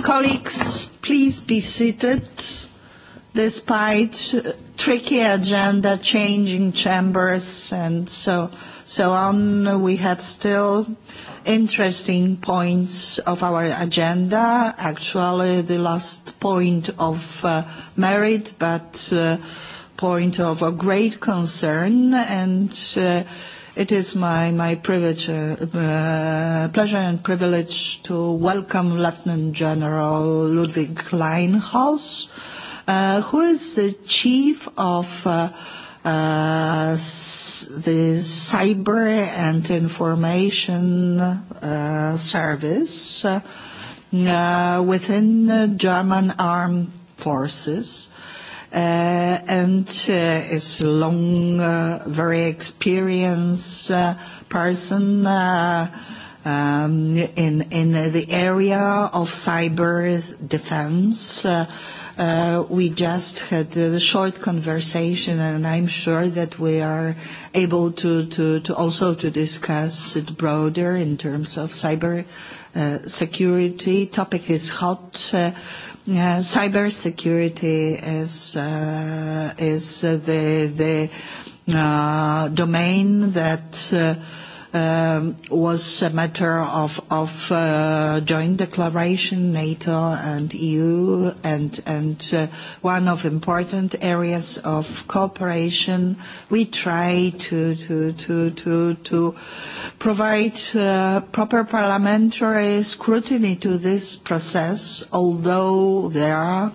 Colleagues, please be seated despite tricky agenda, changing chambers and so, so on. We have still interesting points of our agenda. Actually, the last point of uh, merit, but uh, point of a great concern. And uh, It is my, my privilege, uh, uh, pleasure and privilege to welcome Lieutenant General Ludwig Kleinhaus, uh, who is the chief of uh, uh, the cyber and information uh, service uh, uh within the German armed forces. Uh, Uh, and uh, is a long, uh, very experienced person um, in, in the area of cyber defense. we just had a short conversation, and I'm sure that we are able to, to, to also to discuss it broader in terms of cyber uh, security. Topic is hot. Uh, cybersecurity uh, is the uh, domain that. Uh, Um, was a matter of, of uh, joint declaration, NATO and EU, and, and uh, one of important areas of cooperation. We try to, to, to, to, to provide uh, proper parliamentary scrutiny to this process, although there are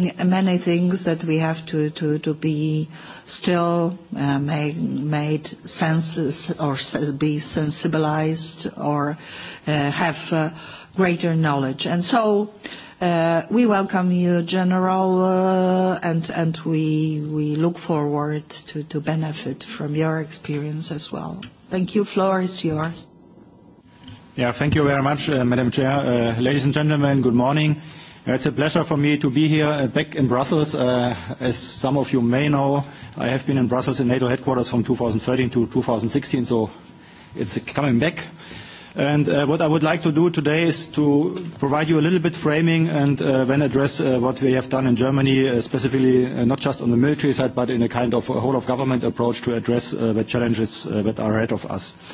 many things that we have to, to, to be uh, still uh, may, made senses or be sensibilized or uh, have uh, greater knowledge. And so uh, we welcome you, General, uh, and, and we, we look forward to, to benefit from your experience as well. Thank you. Floor is yours. Yeah, thank you very much, uh, Madam Chair. Uh, ladies and gentlemen, good morning. It's a pleasure for me to be here uh, back in Brussels. Uh, as some of you may know, I have been in Brussels in NATO headquarters from 2013 to 2016, so it's coming back. And uh, what I would like to do today is to provide you a little bit framing and uh, then address uh, what we have done in Germany, uh, specifically uh, not just on the military side, but in a kind of whole-of-government approach to address uh, the challenges uh, that are ahead of us. Uh,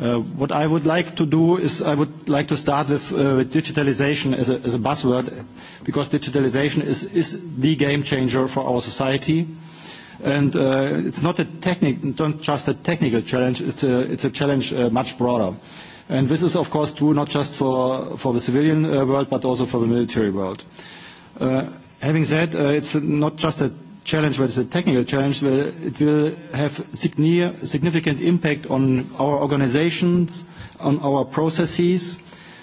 Uh, what I would like to do is I would like to start with, uh, with digitalization as a, as a buzzword, because digitalization is, is the game changer for our society. And uh, it's not a technic, not just a technical challenge, it's a, it's a challenge uh, much broader. And this is, of course, true not just for, for the civilian uh, world, but also for the military world. Uh, having said, uh, it's not just a challenge, whether it's a technical challenge, where it will have significant impact on our organizations, on our processes.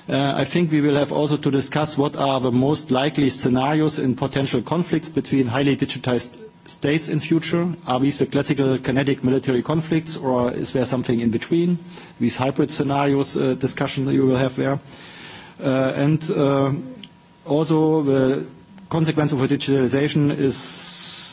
Uh, I think we will have also to discuss what are the most likely scenarios in potential conflicts between highly digitized states in future? Are these the classical kinetic military conflicts, or is there something in between? These hybrid scenarios uh, discussion that you will have there. Uh, and uh, also the consequence of digitalization is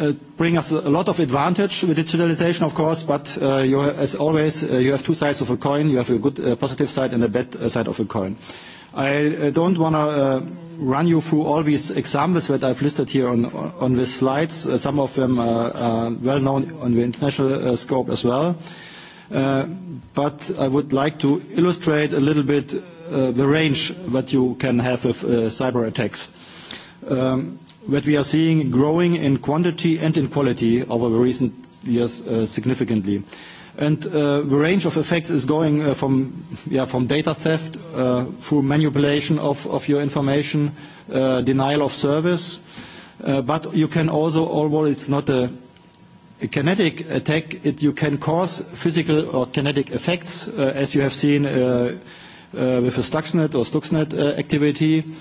Uh, bring us a lot of advantage with digitalization, of course, but uh, you, as always, uh, you have two sides of a coin. You have a good uh, positive side and a bad uh, side of a coin. I uh, don't want to uh, run you through all these examples that I've listed here on, on slides. Uh, some of them uh, are uh, well known on the international uh, scope as well. Uh, but I would like to illustrate a little bit uh, the range that you can have with uh, cyber attacks. Um, what we are seeing growing in quantity and in quality over the recent years uh, significantly. And uh, the range of effects is going uh, from, yeah, from data theft uh, through manipulation of, of your information, uh, denial of service. Uh, but you can also, although it's not a, a kinetic attack, it, you can cause physical or kinetic effects, uh, as you have seen uh, uh, with the Stuxnet or Stuxnet uh, activity. Uh,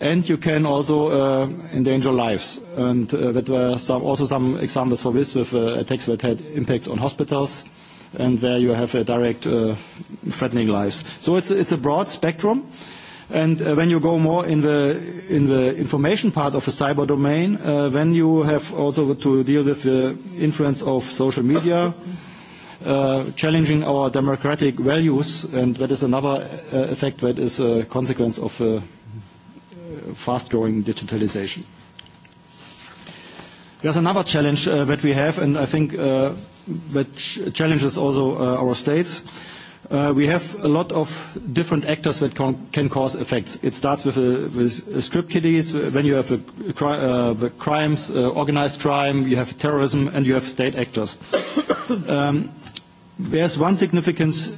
and you can also uh, endanger lives. And uh, there were some, also some examples for this with uh, attacks that had impacts on hospitals and where you have a direct uh, threatening lives. So it's, it's a broad spectrum. And uh, when you go more in the, in the information part of the cyber domain, uh, then you have also to deal with the influence of social media, uh, challenging our democratic values, and that is another uh, effect that is a consequence of the uh, fast-growing digitalization. There's another challenge uh, that we have, and I think uh, that challenges also uh, our states. Uh, we have a lot of different actors that can cause effects. It starts with, a, uh, with uh, kiddies, uh, when you have a cri uh, the crimes, uh, organized crime, you have terrorism, and you have state actors. um, there's one significant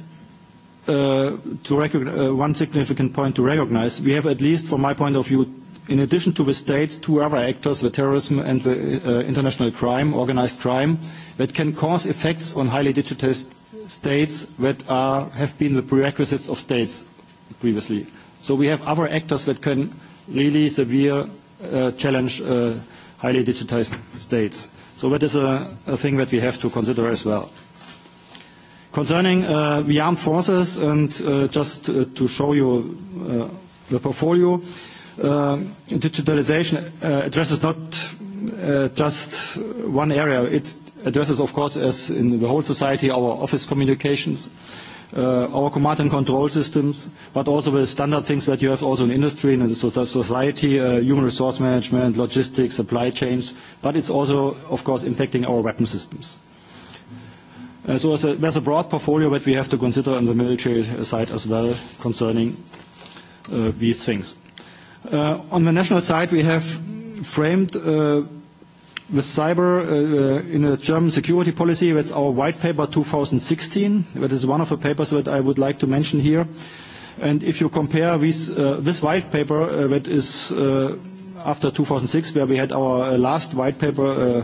Uh, uh, one significant point to recognize. We have, at least from my point of view, in addition to the states, two other actors, the terrorism and the uh, international crime, organized crime, that can cause effects on highly digitized states that are, have been the prerequisites of states previously. So we have other actors that can really severe uh, challenge uh, highly digitized states. So that is a, a thing that we have to consider as well. Concerning uh, the armed forces, and uh, just uh, to show you uh, the portfolio, uh, digitalization uh, addresses not uh, just one area. It addresses, of course, as in the whole society, our office communications, uh, our command and control systems, but also the standard things that you have also in industry and in society, uh, human resource management, logistics, supply chains, but it's also, of course, impacting our weapon systems. Uh, there's a broad portfolio that we have to consider on the military side as well concerning uh, these things. Uh, on the national side, we have framed uh, the cyber uh, in a German security policy. That's our white paper 2016. That is one of the papers that I would like to mention here. And if you compare these, uh, this white paper uh, that is uh, after 2006, where we had our uh, last white paper uh,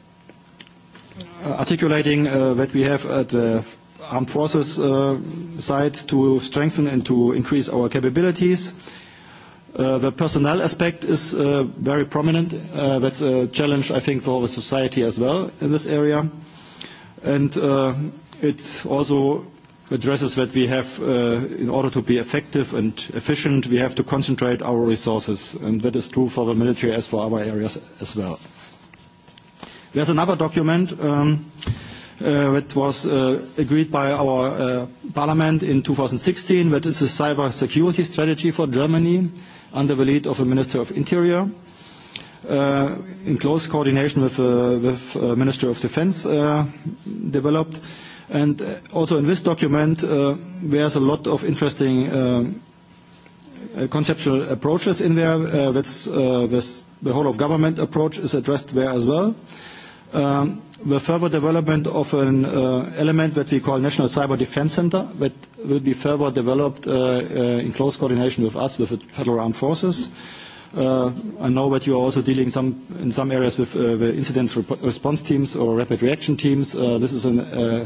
articulating uh, that we have at the armed forces uh, side to strengthen and to increase our capabilities. Uh, the personnel aspect is uh, very prominent. Uh, that's a challenge, I think, for the society as well in this area. And uh, it also addresses that we have, uh, in order to be effective and efficient, we have to concentrate our resources. And that is true for the military as for other areas as well. There's another document um, uh, that was uh, agreed by our uh, parliament in 2016 that is a cyber security strategy for Germany under the lead of the Minister of Interior. Uh, in close coordination with uh, with uh, Minister of Defense uh, developed. And uh, also in this document, uh, there's a lot of interesting um, uh, conceptual approaches in there. Uh, that's, uh, this, the whole of government approach is addressed there as well. Uh, Um, the further development of an uh, element that we call National Cyber Defense Center that will be further developed uh, uh, in close coordination with us, with the Federal Armed Forces. Uh, I know that you are also dealing some, in some areas with uh, the incident response teams or rapid reaction teams. Uh, this is an, uh,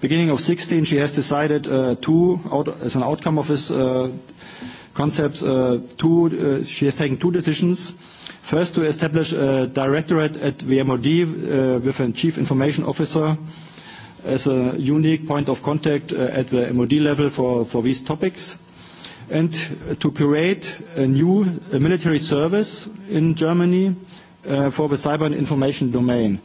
beginning of 16, she has decided uh, two, out, as an outcome of this uh, concept, uh, two, uh, she has taken two decisions. First, to establish a directorate at VMOD uh, with a chief information officer as a unique point of contact uh, at the MOD level for, for these topics and to create a new a military service in Germany uh, for the cyber and information domain.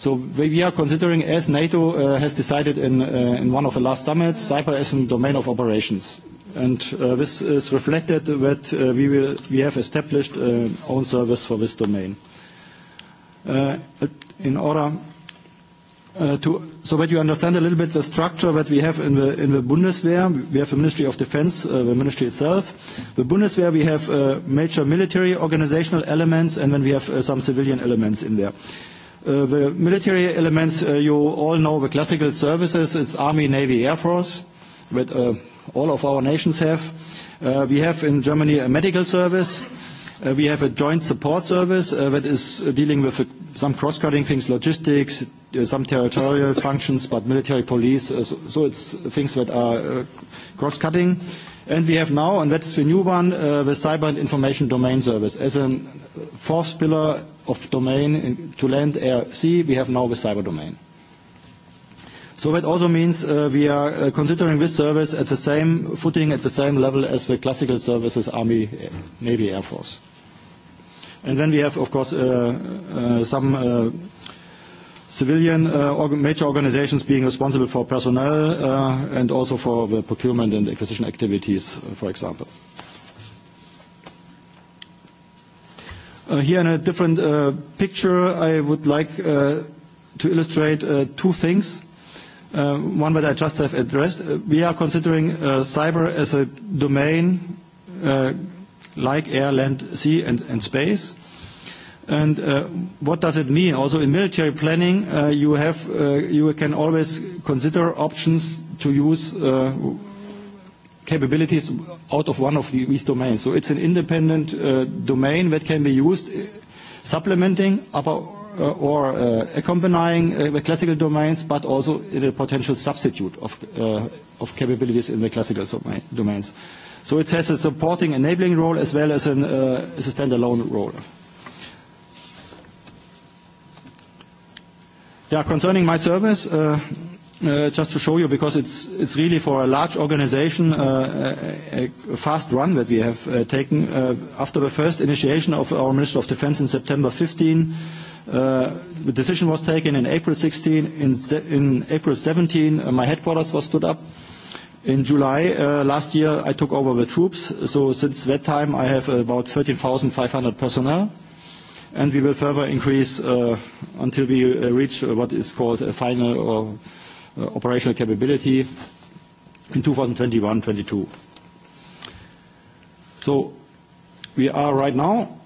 So we are considering, as NATO uh, has decided uh, in, one of the last summits, cyber as a domain of operations. And uh, this is reflected that we, have established own service for this domain. in order to, so that you understand a little bit the structure that we have in the, Bundeswehr. We have the Ministry of Defense, the ministry itself. The Bundeswehr, we have major military organizational elements, and then we have some civilian elements in there. Uh, the military elements, uh, you all know the classical services. It's Army, Navy, Air Force, that uh, all of our nations have. we have in Germany a medical service. we have a joint support service that is dealing with some cross-cutting things, logistics, some territorial functions, but military police. so, it's things that are cross-cutting. And we have now, and that's the new one, the Cyber and Information Domain Service as a fourth pillar of domain to land, air, sea. We have now the cyber domain. So that also means uh, we are uh, considering this service at the same footing, at the same level as the classical services, Army, Navy, Air Force. And then we have, of course, uh, uh some uh, civilian uh, org major organizations being responsible for personnel and also for the procurement and acquisition activities, for example. Uh, here in a different uh, picture, I would like uh, to illustrate uh, two things. Uh, one that I just have addressed. Uh, we are considering uh, cyber as a domain uh, like air, land, sea, and, and space. And uh, what does it mean? Also, in military planning, uh, you have uh, you can always consider options to use uh, capabilities out of one of these domains. So it's an independent uh, domain that can be used uh, supplementing upper uh, or uh, accompanying uh, the classical domains, but also in a potential substitute of, uh, of capabilities in the classical domains. So it has a supporting enabling role as well as, an, uh, as a standalone role. Yeah, concerning my service, uh, Uh, just to show you, because it's, it's really for a large organization, uh, a, a fast run that we have uh, taken. Uh, after the first initiation of our Minister of Defense in September uh, the decision was taken in April 16. In, in April uh, my headquarters was stood up. In July uh, last year, I took over the troops. So since that time, I have about 13,500 personnel and we will further increase uh, until we uh, reach uh, what is called a final or Uh, operational capability in 2021-22. So we are right now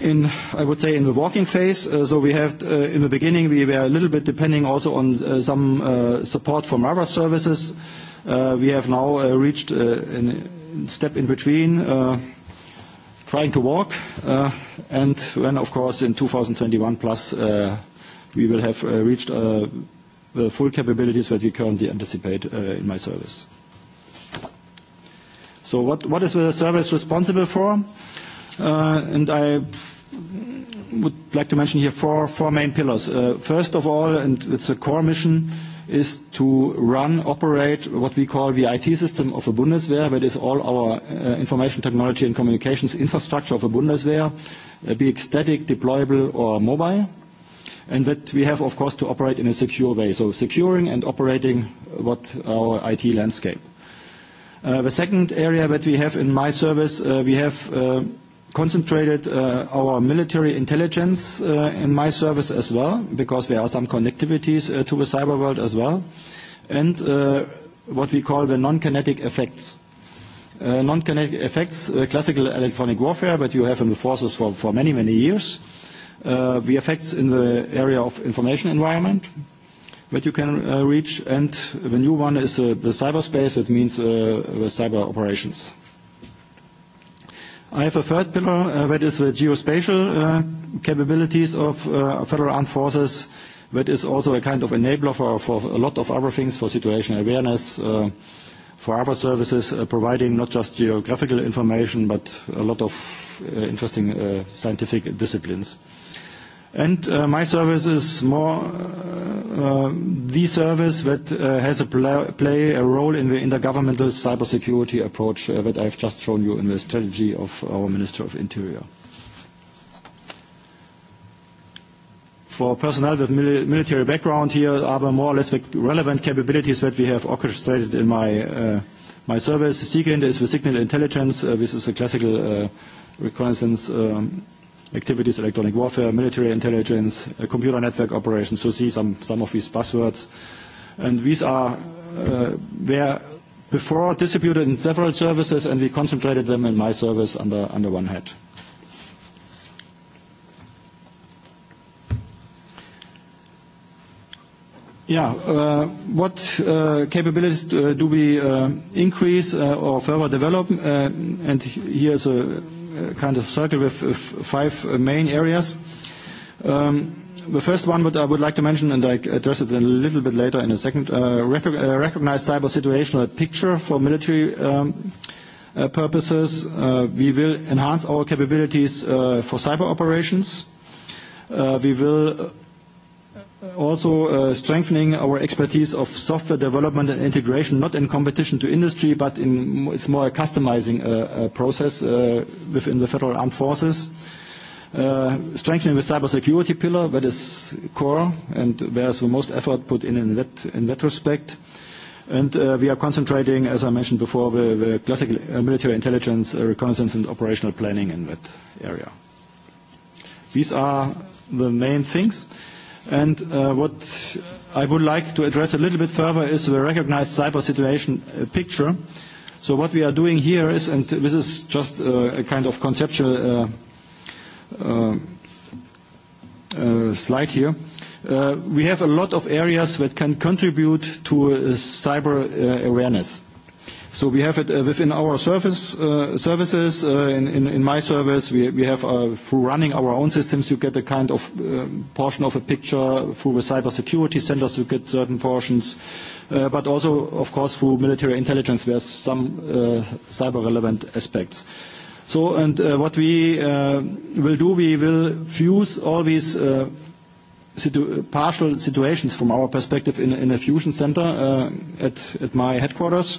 in, I would say, in the walking phase. Uh, so we have, uh, in the beginning, we were a little bit depending also on some support from other services. We have now reached a step in between, trying to walk, and then, of course, in 2021 plus, we will have reached the full capabilities that we currently anticipate uh, in my service. what, is the service responsible for? Uh, I would like to mention here four, main pillars. Uh, first of all, and it's a core mission, is to run, operate what we call the IT system of the Bundeswehr. That is all our information technology and communications infrastructure of the Bundeswehr, be it static, deployable, or mobile and that we have, of course, to operate in a secure way, so securing and operating what our IT landscape. Uh, the second area that we have in my service, uh, we have uh, concentrated uh, our military intelligence uh, in my service as well, because there are some connectivities uh, to the cyber world as well, and what we call the non-kinetic effects. Non-kinetic effects, classical electronic warfare that you have in the forces for, for many, many years, Uh, the effects in the area of information environment that you can uh, reach, and the new one is uh, the cyberspace, that means uh, the cyber operations. I have a third pillar, uh, that is the geospatial uh, capabilities of uh, federal armed forces. That is also a kind of enabler for, for a lot of other things, for situational awareness, uh, for other services, uh, providing not just geographical information, but a lot of uh, interesting uh, scientific disciplines. And uh, my service is more uh, uh, the service that has a play a role in the intergovernmental cybersecurity approach that I've just shown you in the strategy of our Minister of Interior. For personnel with military background here are the more or less relevant capabilities that we have orchestrated in my, uh, my service. Second is the signal intelligence. Uh, this is a classical uh, reconnaissance um, activities, electronic warfare, military intelligence, uh, computer network operations. So see some, some of these buzzwords. And these are uh, where before distributed in several services and we concentrated them in my service under, under one head. Yeah. Uh, what uh, capabilities do, uh, do we uh, increase uh, or further develop? Uh, and Here's a kind of circle with uh, five main areas. Um, the first one that I would like to mention, and I address it a little bit later in a second, uh, rec uh, recognize cyber situational picture for military um, uh, purposes. Uh, we will enhance our capabilities uh, for cyber operations. Uh, we will Uh, also uh, strengthening our expertise of software development and integration, not in competition to industry, but it's more a customizing uh, process within the Federal Armed Forces. Strengthening the cybersecurity pillar, that is core, and there's the most effort put in in that, respect. And we are concentrating, as I mentioned before, the, classic military intelligence, reconnaissance, and operational planning in that area. These are the main things. And uh, what I would like to address a little bit further is the recognized cyber situation uh, picture. So what we are doing here is, and this is just a, uh, a kind of conceptual uh, uh, uh, slide here, uh, we have a lot of areas that can contribute to uh, cyber uh, awareness we have it uh, within our uh, services. Uh, in, my service, we, have through running our own systems, you get a kind of um, portion of a picture. Through the cybersecurity centers, you get certain portions. also, of course, through military intelligence, there's some cyber-relevant aspects. what we will do, we will fuse all these partial situations from our perspective in, a fusion center at, my headquarters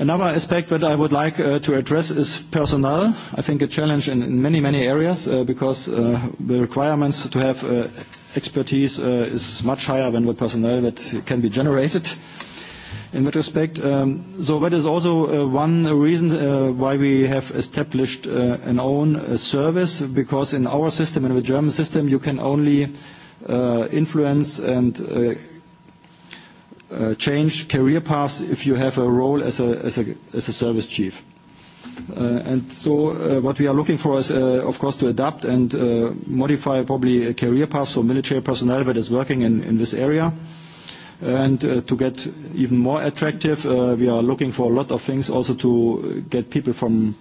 Another aspect that I would like uh, to address is personnel. I think a challenge in, in many, many areas uh, because uh, the requirements to have uh, expertise uh, is much higher than the personnel that can be generated in that respect. Um, so that is also uh, one reason uh, why we have established uh, an own uh, service because in our system, in the German system, you can only uh, influence and uh, Uh, change career paths if you have a role as a, as a, as a service chief. Uh, and so uh, what we are looking for is, uh, of course, to adapt and uh, modify probably a career path for military personnel that is working in, in this area. And uh, to get even more attractive, uh, we are looking for a lot of things also to get people from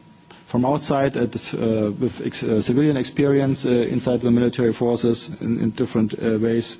from outside at, uh, with ex uh, civilian experience uh, inside the military forces in, in different uh, ways. Uh,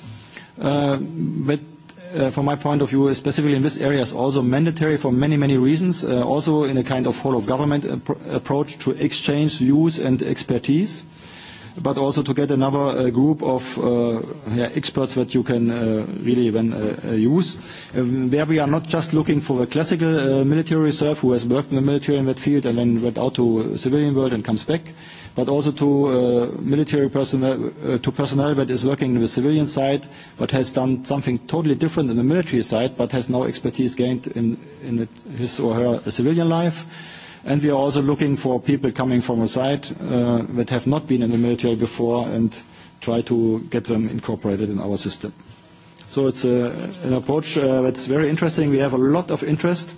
Uh, but uh, from my point of view, specifically in this area, is also mandatory for many, many reasons, uh, also in a kind of whole of government approach to exchange views and expertise, but also to get another uh, group of uh, yeah, experts that you can really then use. Um, where we are not just looking for a classical military reserve who has worked in the military in that field and then went out to civilian world and comes back, but also to uh, military personnel, uh, to personnel that is working in the civilian side, but has done something totally different in the military side, but has no expertise gained in, in it, his or her civilian life. And we are also looking for people coming from a side uh, that have not been in the military before and try to get them incorporated in our system. So it's a, uh, an approach uh, that's very interesting. We have a lot of interest.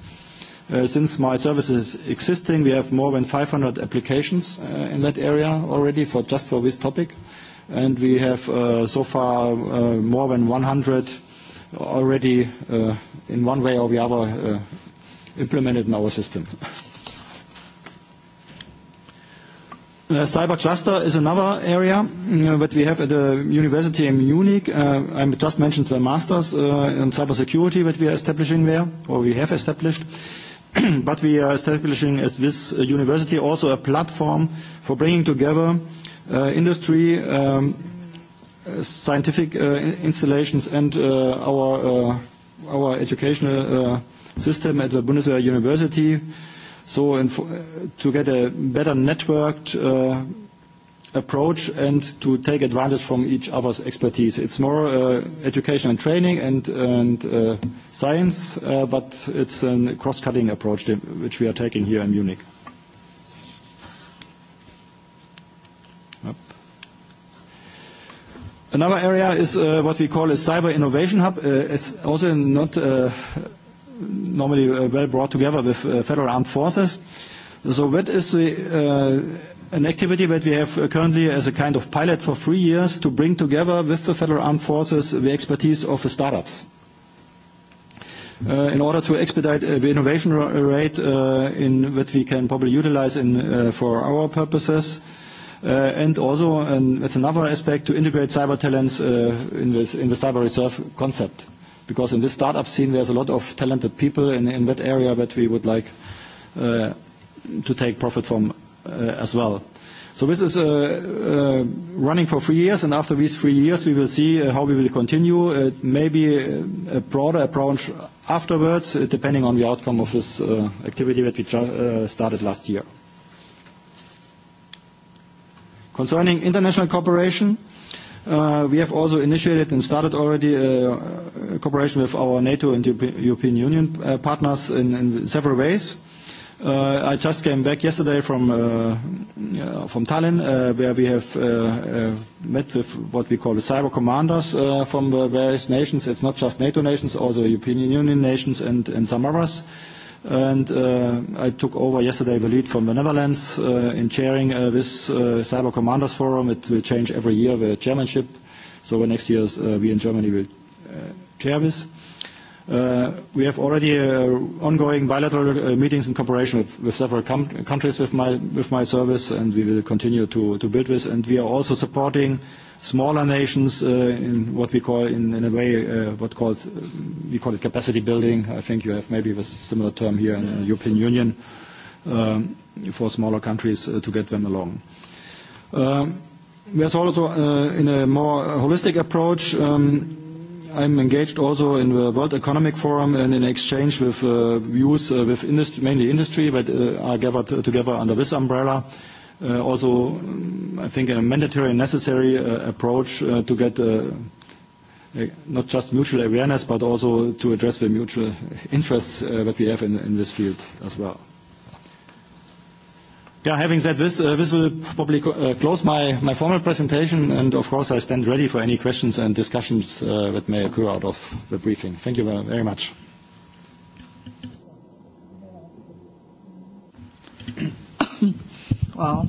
Uh, since my service is existing, we have more than 500 applications uh, in that area already for just for this topic, and we have uh, so far uh, more than 100 already uh, in one way or the other implemented in our system. Uh, cyber cluster is another area that we have at the university in Munich. Uh, I just mentioned the masters uh, in cybersecurity that we are establishing there, or we have established. but we are establishing as this university also a platform for bringing together uh, industry, um, scientific uh, installations and uh, our, uh, our educational uh, system at the Bundeswehr University. So in, uh, to get a better networked uh, approach and to take advantage from each other's expertise. It's more uh, education and training and, and uh, science, uh, but it's a cross-cutting approach which we are taking here in Munich. Another area is uh, what we call a cyber innovation hub. Uh, it's also not uh, normally uh, well brought together with uh, federal armed forces. So that is the uh, an activity that we have currently as a kind of pilot for three years to bring together with the Federal Armed Forces the expertise of the startups. Uh, in order to expedite uh, the innovation rate uh, in that we can probably utilize in, uh, for our purposes. Uh, and also, and that's another aspect, to integrate cyber talents uh, in, this, in the cyber reserve concept. Because in this startup scene, there's a lot of talented people in, in that area that we would like to take profit from Uh, as well. So this is uh, uh, running for three years, and after these three years, we will see how we will continue. It may be a broader approach afterwards, depending on the outcome of this activity that we just started last year. Concerning international cooperation, we have also initiated and started already cooperation with our NATO and European Union partners in several ways. Uh, I just came back yesterday from uh, uh, from Tallinn, uh, where we have uh, uh, met with what we call the cyber commanders uh, from the uh, various nations. It's not just NATO nations, also European Union nations and, and some others. And uh, I took over yesterday the lead from the Netherlands uh, in chairing uh, this uh, cyber commanders forum. It will change every year the chairmanship. So the next year uh, we in Germany will uh, chair this. Uh, Uh, we have already uh, ongoing bilateral uh, meetings in cooperation with, with several com countries with my, with my service, and we will continue to, to build this. And we are also supporting smaller nations uh, in what we call, in, in a way, uh, what calls, uh, we call it capacity building. I think you have maybe a similar term here in the European Union um, for smaller countries uh, to get them along. Um, there's also, uh, in a more holistic approach, um, I'm engaged also in the World Economic Forum and in exchange with uh, views uh, with industry, mainly industry, but uh, are gathered together under this umbrella. Uh, also, um, I think a mandatory and necessary uh, approach uh, to get uh, uh, not just mutual awareness, but also to address the mutual interests uh, that we have in, in this field as well. Yeah, having said this, uh, this will probably uh, close my, my formal presentation, and of course, I stand ready for any questions and discussions uh, that may occur out of the briefing. Thank you very, much. Well,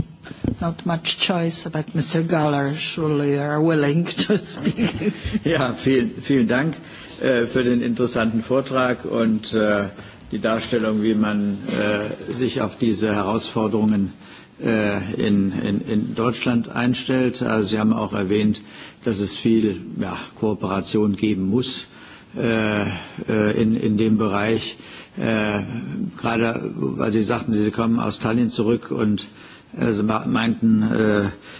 not much choice, but Mr. Galler, surely you are willing to speak. Yeah, vielen, vielen Dank uh, für den interessanten Vortrag und Uh, die Darstellung, wie man äh, sich auf diese Herausforderungen äh, in, in, in Deutschland einstellt. Also Sie haben auch erwähnt, dass es viel ja, Kooperation geben muss äh, äh in, in dem Bereich. Äh, gerade, weil Sie sagten, Sie kommen aus Tallinn zurück und äh, Sie meinten, äh,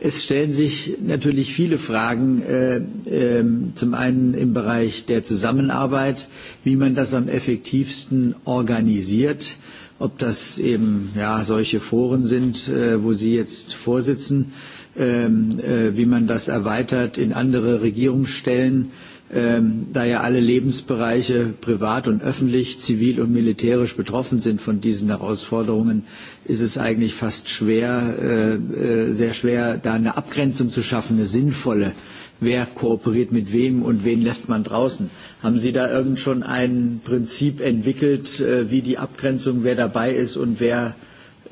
Es stellen sich natürlich viele Fragen, äh, äh, zum einen im Bereich der Zusammenarbeit, wie man das am effektivsten organisiert, ob das eben ja, solche Foren sind, äh, wo Sie jetzt vorsitzen, äh, äh, wie man das erweitert in andere Regierungsstellen, äh, ähm, da ja alle Lebensbereiche privat und öffentlich, zivil und militärisch betroffen sind von diesen Herausforderungen, ist es eigentlich fast schwer, äh, äh, sehr schwer, da eine Abgrenzung zu schaffen, eine sinnvolle. Wer kooperiert mit wem und wen lässt man draußen? Haben Sie da irgend schon ein Prinzip entwickelt, äh, wie die Abgrenzung, wer dabei ist und wer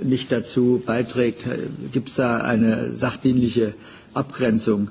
nicht dazu beiträgt? Äh, Gibt es da eine sachdienliche Abgrenzung?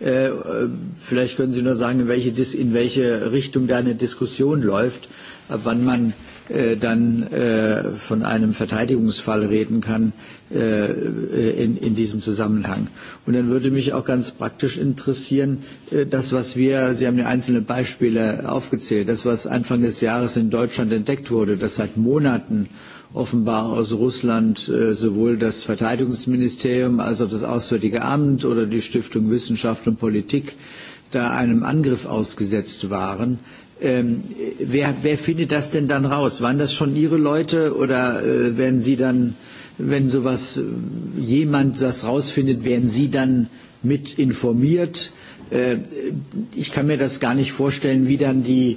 Äh, vielleicht können Sie nur sagen, in welche, in welche Richtung da eine Diskussion läuft, ab wann man äh, dann äh, von einem Verteidigungsfall reden kann in, in diesem Zusammenhang. Und dann würde mich auch ganz praktisch interessieren, das, was wir, Sie haben ja einzelne Beispiele aufgezählt, das, was Anfang des Jahres in Deutschland entdeckt wurde, das seit Monaten offenbar aus Russland äh, sowohl das Verteidigungsministerium als auch das Auswärtige Amt oder die Stiftung Wissenschaft und Politik da einem Angriff ausgesetzt waren. Ähm, wer, wer findet das denn dann raus? Waren das schon Ihre Leute oder äh, werden Sie dann, wenn sowas äh, jemand das rausfindet, werden Sie dann mit informiert? Äh, ich kann mir das gar nicht vorstellen, wie dann die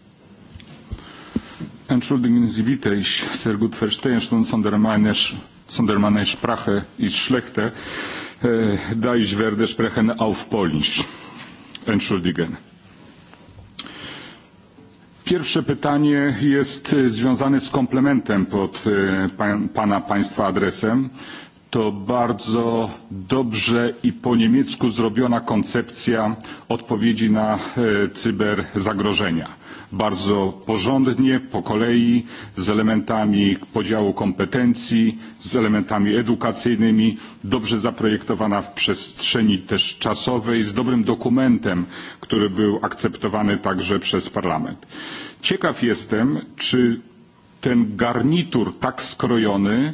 Entschuldigen Sie bitte, ich sehr gut verstehe schon Sondermannes, Sondermannes Sprache ist schlechter, äh, da ich werde sprechen auf Polnisch. Entschuldigen. Pierwsze pytanie jest e, związane z komplementem pod e, Pana Państwa adresem. To bardzo dobrze i po niemiecku zrobiona koncepcja odpowiedzi na e, cyberzagrożenia bardzo porządnie, po kolei, z elementami podziału kompetencji, z elementami edukacyjnymi, dobrze zaprojektowana w przestrzeni też czasowej, z dobrym dokumentem, który był akceptowany także przez Parlament. Ciekaw jestem, czy ten garnitur tak skrojony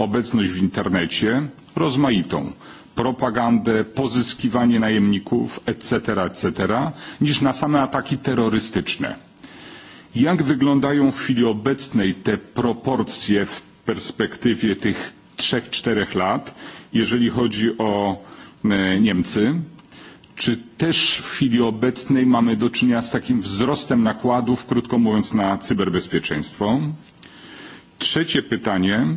obecność w internecie rozmaitą propagandę, pozyskiwanie najemników, etc., etc., niż na same ataki terrorystyczne. Jak wyglądają w chwili obecnej te proporcje w perspektywie tych 3-4 lat, jeżeli chodzi o e, Niemcy? Czy też w chwili obecnej mamy do czynienia z takim wzrostem nakładów, krótko mówiąc, na cyberbezpieczeństwo? Trzecie pytanie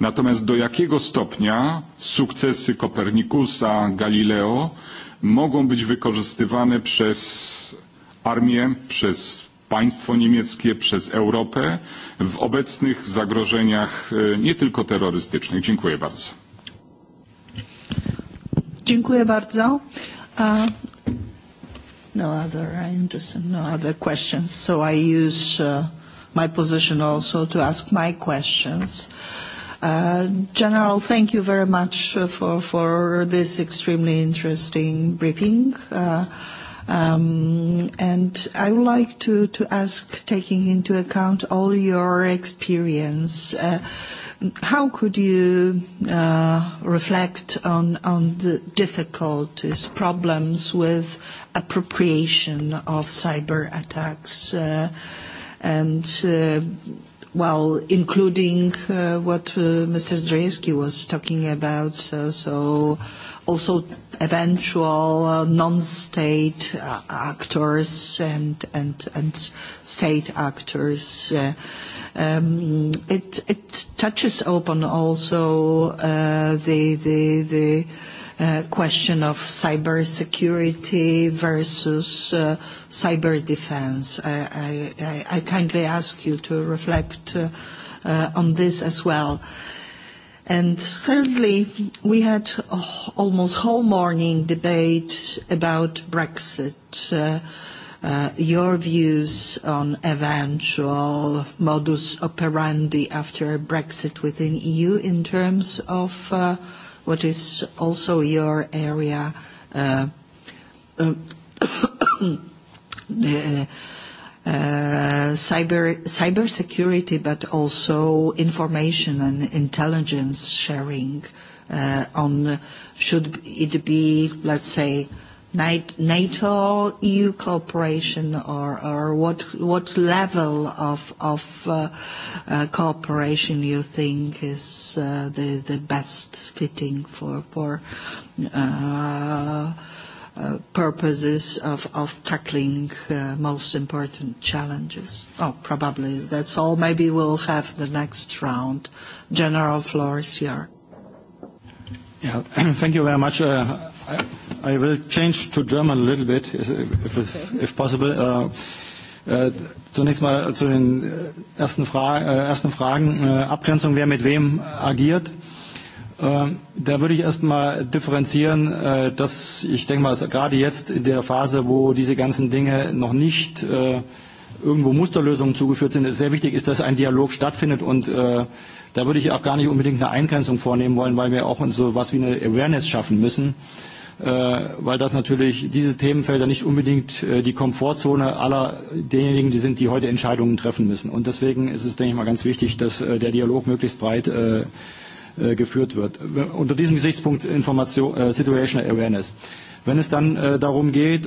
Natomiast do jakiego stopnia sukcesy Kopernikusa, Galileo mogą być wykorzystywane przez armię, przez państwo niemieckie, przez Europę w obecnych zagrożeniach e, nie tylko terrorystycznych? Dziękuję bardzo. Dziękuję bardzo. Uh... No other interest, no other questions. So I use uh, my position also to ask my questions. Uh, Uh, General, thank you very much uh, for, for this extremely interesting briefing. Uh, um, and I would like to, to ask, taking into account all your experience, uh, how could you uh, reflect on, on the difficulties, problems with appropriation of cyber attacks? Uh, and uh, well, including uh, what uh, Mr. Zdrojewski was talking about, so, also eventual uh, non-state actors and, and, and state actors. Um, it, touches upon also the, the, the Uh, question of cybersecurity versus uh, cyber defense. I, I, I kindly ask you to reflect uh, uh, on this as well. And thirdly, we had oh, almost whole morning debate about Brexit. Uh, Uh, your views on eventual modus operandi after Brexit within EU in terms of uh, what is also your area. Uh, um, the, Uh, cyber cybersecurity, but also information and intelligence sharing uh, on should it be, let's say, NATO EU cooperation or, or what what level of of uh, uh, cooperation you think is uh, the the best fitting for for uh, uh, purposes of, of tackling uh, most important challenges. Oh, probably that's all. Maybe we'll have the next round. General Flores here. Yeah, thank you very much. Uh, I, will change to German a little bit, if, okay. if possible. Uh, Äh, zunächst mal zu den äh, ersten, Fra äh, ersten Fragen. Äh, Abgrenzung, wer mit wem agiert. Äh, Da würde ich erst mal differenzieren, äh, dass ich denke mal, gerade jetzt in der Phase, wo diese ganzen Dinge noch nicht äh, irgendwo Musterlösungen zugeführt sind, ist sehr wichtig ist, dass ein Dialog stattfindet und äh, da würde ich auch gar nicht unbedingt eine Eingrenzung vornehmen wollen, weil wir auch so etwas wie eine Awareness schaffen müssen. Äh, Äh, weil das natürlich diese Themenfelder nicht unbedingt äh, die Komfortzone aller derjenigen sind, die heute Entscheidungen treffen müssen. Und deswegen ist es, denke ich mal, ganz wichtig, dass äh, der Dialog möglichst breit geführt wird. Unter diesem Gesichtspunkt Information, Situational Awareness. Wenn es dann darum geht,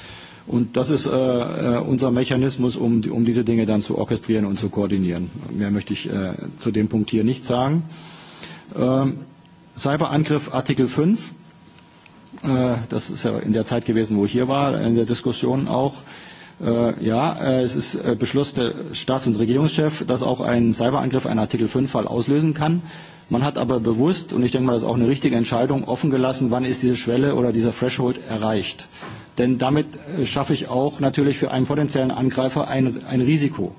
Und das ist äh, äh unser Mechanismus, um, um diese Dinge dann zu orchestrieren und zu koordinieren. Mehr möchte ich äh, zu dem Punkt hier nicht sagen. Ähm, Cyberangriff Artikel 5. Äh, das ist ja in der Zeit gewesen, wo ich hier war, in der Diskussion auch. Äh, Äh, ja, äh, es ist äh, Beschluss der Staats- und Regierungschef, dass auch ein Cyberangriff einen Artikel 5-Fall auslösen kann. Man hat aber bewusst, und ich denke mal, das ist auch eine richtige Entscheidung, offen gelassen, wann ist diese Schwelle oder dieser Threshold erreicht. Denn damit äh, schaffe ich auch natürlich für einen potenziellen Angreifer ein, ein Risiko.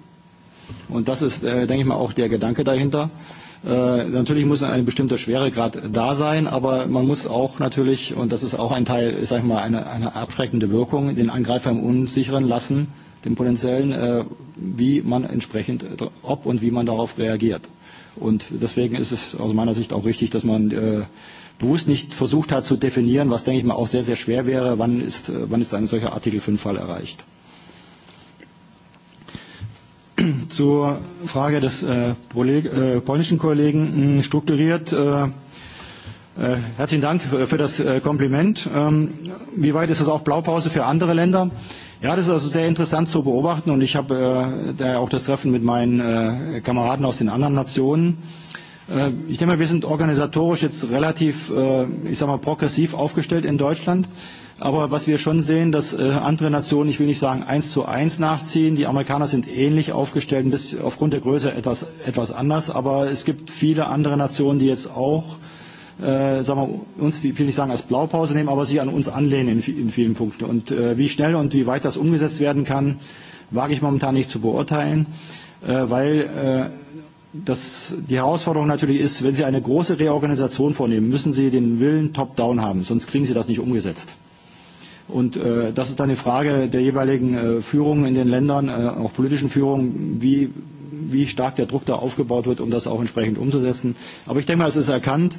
Und das ist, äh, denke ich mal, auch der Gedanke dahinter. Äh, Äh, natürlich muss ein bestimmter Schweregrad da sein, aber man muss auch natürlich, und das ist auch ein Teil, sag ich mal, eine, eine abschreckende Wirkung, den Angreifer im Unsicheren lassen, den potenziellen, äh, wie man entsprechend, ob und wie man darauf reagiert. Und deswegen ist es aus meiner Sicht auch richtig, dass man äh, bewusst nicht versucht hat zu definieren, was, denke ich mal, auch sehr, sehr schwer wäre, wann ist, äh, wann ist ein solcher Artikel 5-Fall erreicht zur Frage des äh, äh polnischen Kollegen hm, strukturiert. Äh, äh, herzlichen Dank äh, für das Kompliment. Ähm, wie weit ist das auch Blaupause für andere Länder? Ja, das ist also sehr interessant zu beobachten und ich habe äh, da auch das Treffen mit meinen äh, Kameraden aus den anderen Nationen. Äh, Äh, ich denke mal, wir sind organisatorisch jetzt relativ, äh, ich sag mal, progressiv aufgestellt in Deutschland. Aber was wir schon sehen, dass äh, andere Nationen, ich will nicht sagen eins zu eins nachziehen, die Amerikaner sind ähnlich aufgestellt, bis aufgrund der Größe etwas, etwas anders. Aber es gibt viele andere Nationen, die jetzt auch, äh, sagen wir, uns, ich will nicht sagen, als Blaupause nehmen, aber sie an uns anlehnen in, in vielen Punkten. Und äh, wie schnell und wie weit das umgesetzt werden kann, wage ich momentan nicht zu beurteilen, äh, weil äh, das, die Herausforderung natürlich ist, wenn Sie eine große Reorganisation vornehmen, müssen Sie den Willen top-down haben, sonst kriegen Sie das nicht umgesetzt. Und äh, das ist dann die Frage der jeweiligen äh, Führung in den Ländern, äh, auch politischen Führung, wie, wie stark der Druck da aufgebaut wird, um das auch entsprechend umzusetzen. Aber ich denke mal, es ist erkannt. Äh,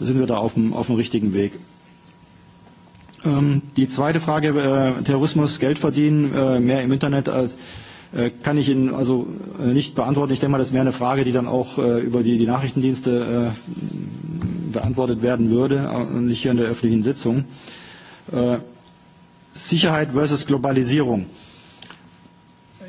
sind wir da auf dem, auf dem richtigen Weg. Ähm, die zweite Frage, äh, Terrorismus, Geld verdienen, äh, mehr im Internet als äh, kann ich Ihnen also äh, nicht beantworten. Ich denke mal, das wäre eine Frage, die dann auch äh, über die, die Nachrichtendienste äh, beantwortet werden würde äh, und nicht hier in der öffentlichen Sitzung. Äh, Sicherheit versus Globalisierung. Äh,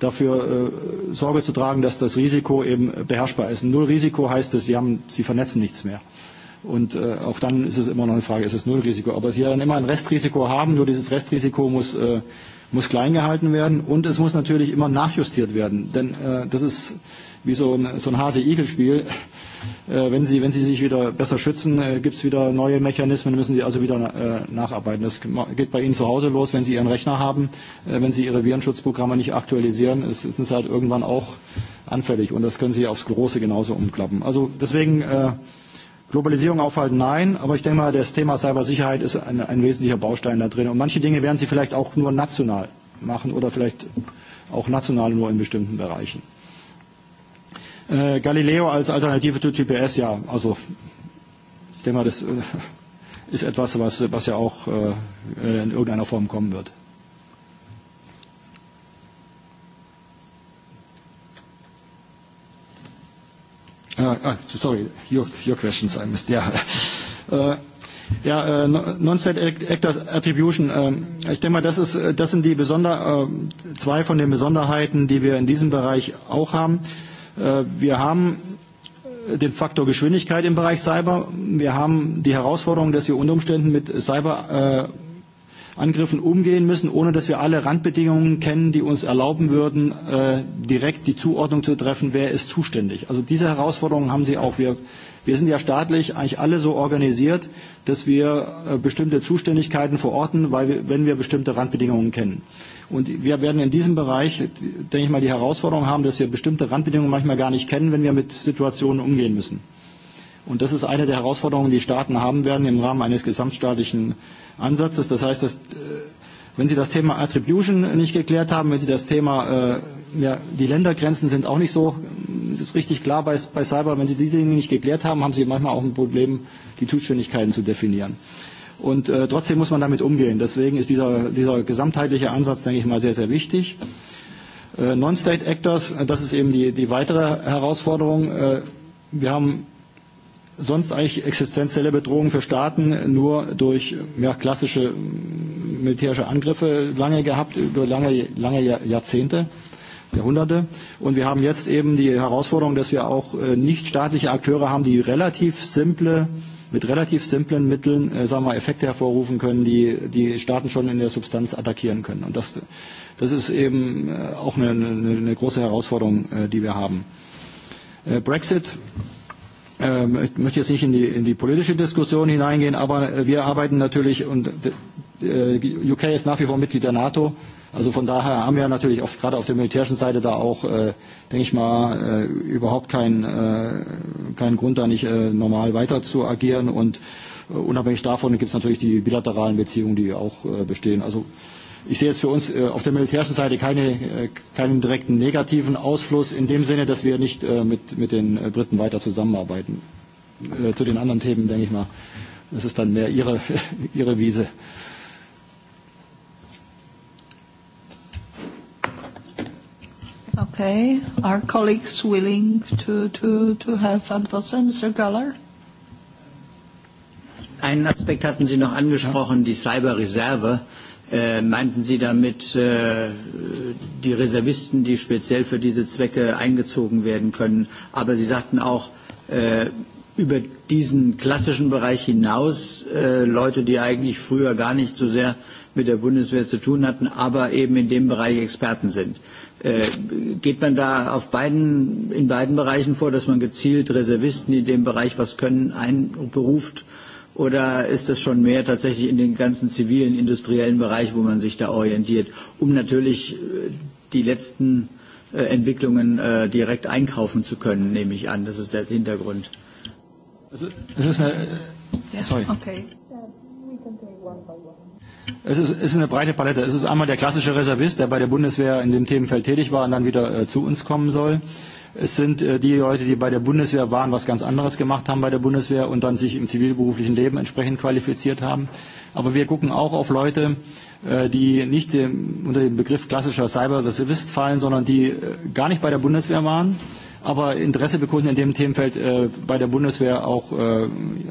dafür äh, Sorge zu tragen, dass das Risiko eben beherrschbar ist. Null Risiko heißt es, sie, haben, sie vernetzen nichts mehr. Und äh, auch dann ist es immer noch eine Frage, ist es Null Risiko. Aber sie werden immer ein Restrisiko haben, nur dieses Restrisiko muss äh, muss klein gehalten werden und es muss natürlich immer nachjustiert werden. Denn äh, das ist wie so ein, so ein Hase-Igel-Spiel. Äh, wenn, sie, wenn sie sich wieder besser schützen, äh, gibt es wieder neue Mechanismen, müssen sie also wieder äh, nacharbeiten. Das geht bei Ihnen zu Hause los, wenn Sie Ihren Rechner haben, äh, wenn Sie Ihre Virenschutzprogramme nicht aktualisieren, ist, ist es halt irgendwann auch anfällig. Und das können Sie aufs Große genauso umklappen. Also deswegen äh, Globalisierung aufhalten, nein, aber ich denke mal, das Thema Cybersicherheit ist ein, ein wesentlicher Baustein da drin. Und manche Dinge werden sie vielleicht auch nur national machen oder vielleicht auch national nur in bestimmten Bereichen. Äh, Galileo als Alternative zu GPS, ja, also ich denke mal, das äh, ist etwas, was, was ja auch äh, in irgendeiner Form kommen wird. Uh, sorry, your, your questions I missed. Yeah. Uh, ja, äh, äh Non-State-Actors Attribution, ähm, ich denke mal, das, ist, das sind die Besonder, äh, zwei von den Besonderheiten, die wir in diesem Bereich auch haben. Äh, wir haben den Faktor Geschwindigkeit im Bereich Cyber. Wir haben die Herausforderung, dass wir unter Umständen mit Cyber äh, Angriffen umgehen müssen, ohne dass wir alle Randbedingungen kennen, die uns erlauben würden, äh, direkt die Zuordnung zu treffen, wer ist zuständig. Also diese Herausforderungen haben Sie auch. Wir, wir sind ja staatlich eigentlich alle so organisiert, dass wir äh, bestimmte Zuständigkeiten verorten, weil wir, wenn wir bestimmte Randbedingungen kennen. Und wir werden in diesem Bereich, denke ich mal, die Herausforderung haben, dass wir bestimmte Randbedingungen manchmal gar nicht kennen, wenn wir mit Situationen umgehen müssen. Und das ist eine der Herausforderungen, die Staaten haben werden im Rahmen eines gesamtstaatlichen Ansatzes. Das heißt, dass, äh, wenn Sie das Thema Attribution nicht geklärt haben, wenn Sie das Thema, äh, ja, die Ländergrenzen sind auch nicht so, das äh, ist richtig klar bei, bei Cyber, wenn Sie diese Dinge nicht geklärt haben, haben Sie manchmal auch ein Problem, die Zuständigkeiten zu definieren. Und äh, trotzdem muss man damit umgehen. Deswegen ist dieser, dieser gesamtheitliche Ansatz, denke ich mal, sehr, sehr wichtig. Äh, Non-State Actors, äh, das ist eben die, die weitere Herausforderung. Äh, wir haben sonst eigentlich existenzielle Bedrohung für Staaten nur durch ja, klassische militärische Angriffe lange gehabt, über lange, lange Jahrzehnte. Jahrhunderte. Und wir haben jetzt eben die Herausforderung, dass wir auch äh, nichtstaatliche Akteure haben, die relativ simple, mit relativ simplen Mitteln äh, sagen wir, Effekte hervorrufen können, die die Staaten schon in der Substanz attackieren können. Und das, das ist eben äh, auch eine, eine, eine große Herausforderung, die wir haben. Brexit Ähm, ich möchte jetzt nicht in die, in die politische Diskussion hineingehen, aber äh, wir arbeiten natürlich und äh, UK ist nach wie vor Mitglied der NATO. Also von daher haben wir natürlich auf, gerade auf der militärischen Seite da auch, äh, denke ich mal, äh, überhaupt äh, keinen äh, kein Grund, da nicht äh, normal weiter zu agieren. Und äh, unabhängig davon gibt es natürlich die bilateralen Beziehungen, die auch äh, bestehen. Also äh, Ich sehe jetzt für uns äh, auf der militärischen Seite keine, äh, keinen direkten negativen Ausfluss in dem Sinne, dass wir nicht äh, mit, mit den Briten weiter zusammenarbeiten. zu den anderen Themen denke ich mal, das ist dann mehr ihre, ihre Wiese. Okay. Are colleagues willing to, to, to have answers? Mr. Galler? Einen Aspekt hatten Sie noch angesprochen, ja. die Cyberreserve. reserve Äh, meinten Sie damit äh, die Reservisten, die speziell für diese Zwecke eingezogen werden können? Aber Sie sagten auch, äh, über diesen klassischen Bereich hinaus äh, Leute, die eigentlich früher gar nicht so sehr mit der Bundeswehr zu tun hatten, aber eben in dem Bereich Experten sind. Äh, geht man da auf beiden, in beiden Bereichen vor, dass man gezielt Reservisten, die in dem Bereich was können, einberuft? Äh, Oder ist es schon mehr tatsächlich in den ganzen zivilen, industriellen Bereich, wo man sich da orientiert, um natürlich äh, die letzten äh, Entwicklungen äh, direkt einkaufen zu können, nehme ich an. Das ist der Hintergrund. Also, es ist eine, sorry. Okay. Es ist, es ist eine breite Palette. Es ist einmal der klassische Reservist, der bei der Bundeswehr in dem Themenfeld tätig war und dann wieder äh, zu uns kommen soll. Äh, Es sind äh, die Leute, die bei der Bundeswehr waren, was ganz anderes gemacht haben bei der Bundeswehr und dann sich im zivilberuflichen Leben entsprechend qualifiziert haben. Aber wir gucken auch auf Leute, äh, die nicht dem, unter den Begriff klassischer Cyber-Reservist fallen, sondern die äh, gar nicht bei der Bundeswehr waren, aber Interesse bekunden, in dem Themenfeld äh, bei der Bundeswehr auch äh,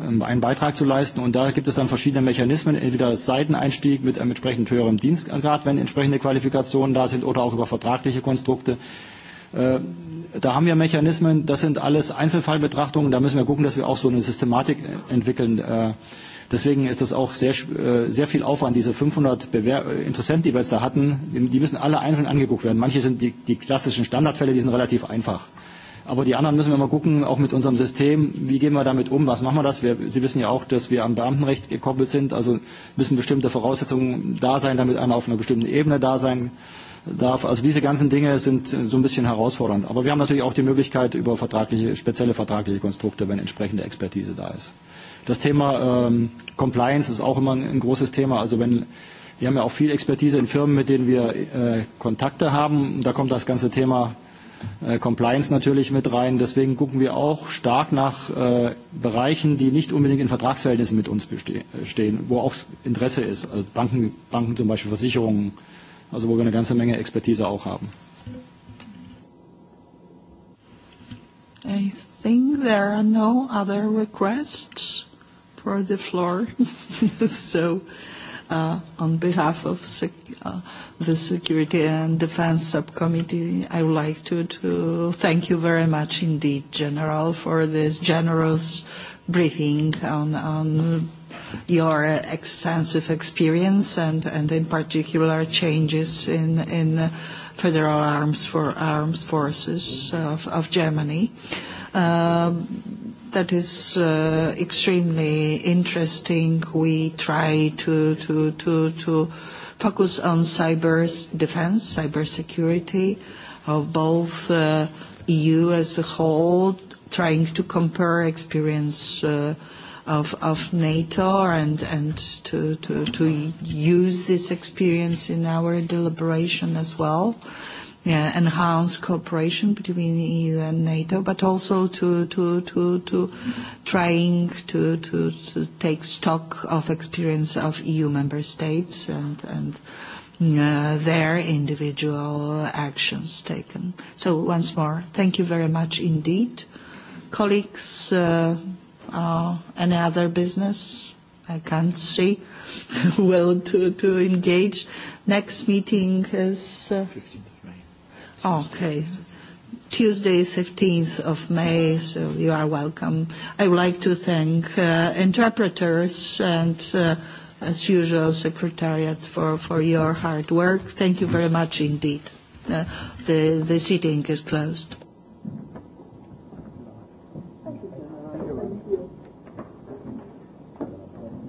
einen Beitrag zu leisten. Und da gibt es dann verschiedene Mechanismen, entweder Seiteneinstieg mit einem entsprechend höheren Dienstgrad, wenn entsprechende Qualifikationen da sind, oder auch über vertragliche Konstrukte. Äh, da haben wir Mechanismen, das sind alles Einzelfallbetrachtungen, da müssen wir gucken, dass wir auch so eine Systematik e- entwickeln. Äh, deswegen ist das auch sehr, äh, sehr viel Aufwand, diese 500 Bewer Interessenten, die wir jetzt da hatten, die müssen alle einzeln angeguckt werden. Manche sind die, die klassischen Standardfälle, die sind relativ einfach. Aber die anderen müssen wir mal gucken, auch mit unserem System, wie gehen wir damit um, was machen wir das? Wir, Sie wissen ja auch, dass wir am Beamtenrecht gekoppelt sind, also müssen bestimmte Voraussetzungen da sein, damit einer auf einer bestimmten Ebene da sein kann darf. Also diese ganzen Dinge sind so ein bisschen herausfordernd. Aber wir haben natürlich auch die Möglichkeit über vertragliche, spezielle vertragliche Konstrukte, wenn entsprechende Expertise da ist. Das Thema ähm, Compliance ist auch immer ein, ein großes Thema. Also wenn wir haben ja auch viel Expertise in Firmen, mit denen wir äh, Kontakte haben. Da kommt das ganze Thema äh, Compliance natürlich mit rein. Deswegen gucken wir auch stark nach äh, Bereichen, die nicht unbedingt in Vertragsverhältnissen mit uns bestehen, stehen, wo auch Interesse ist. Also Banken, Banken zum Beispiel, Versicherungen, äh, also wo wir eine ganze Menge Expertise auch haben. I think there are no other requests for the floor. so, uh, on behalf of sec uh, the Security and Defense Subcommittee, I would like to, to thank you very much indeed, General, for this generous briefing on, on your extensive experience and, and in particular changes in, in federal arms for arms forces of, of Germany. Um, that is uh, extremely interesting. We try to, to, to, to focus on cyber defense, cyber security of both uh, EU as a whole, trying to compare experience uh, of, of NATO and, and to, to, to use this experience in our deliberation as well. Yeah, enhance cooperation between EU and NATO, but also to, to, to, to trying to, to, to take stock of experience of EU member states and, and Uh, their individual actions taken. So once more, thank you very much indeed. Colleagues, uh, Uh, any other business? I can't see well to, to engage. Next meeting is... Uh, 15th of May. Okay. Tuesday, 15th of May, so you are welcome. I would like to thank uh, interpreters and, uh, as usual, Secretariat for, for your hard work. Thank you very much indeed. Uh, the, the sitting is closed.